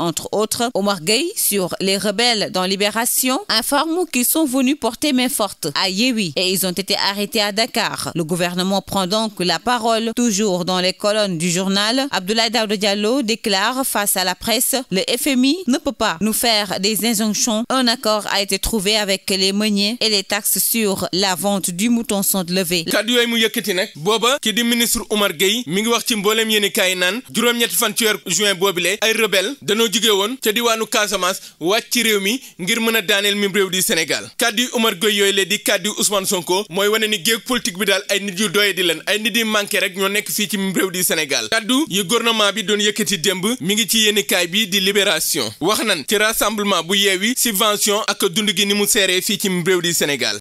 entre autres. Omar Gueye sur les rebelles dans Libération informe qu'ils sont venus porter main forte à Yewi et ils ont été arrêtés à Dakar. Le gouvernement prend donc la parole toujours dans les colonnes du journal. Abdoulaye Daoud Diallo déclare face à la presse le FMI ne peut pas nous faire des injonctions. Un accord a été trouvé avec les meuniers et les taxes sur la vente du mouton sont levées. jugee woon ca diwaanu Casamance wàcc ci réew mi ngir mën a daaneel mim réew di Sénégal kàddu yu Omar Gueye yooyu la di kàddu yu Ousmane Sonko mooy wane ni géeg politique bi daal ay nit yu doye di leen ay nit yi manqué rek ñoo nekk fii ci mim réew di Sénégal kàddu yu gouvernement bi doon yëkkati démb mi ngi ci yéenekaay bi di Libération wax nan ci rassemblement bu yeewi subvention ak dund gi ni mu seeree fii ci mim réew di Sénégal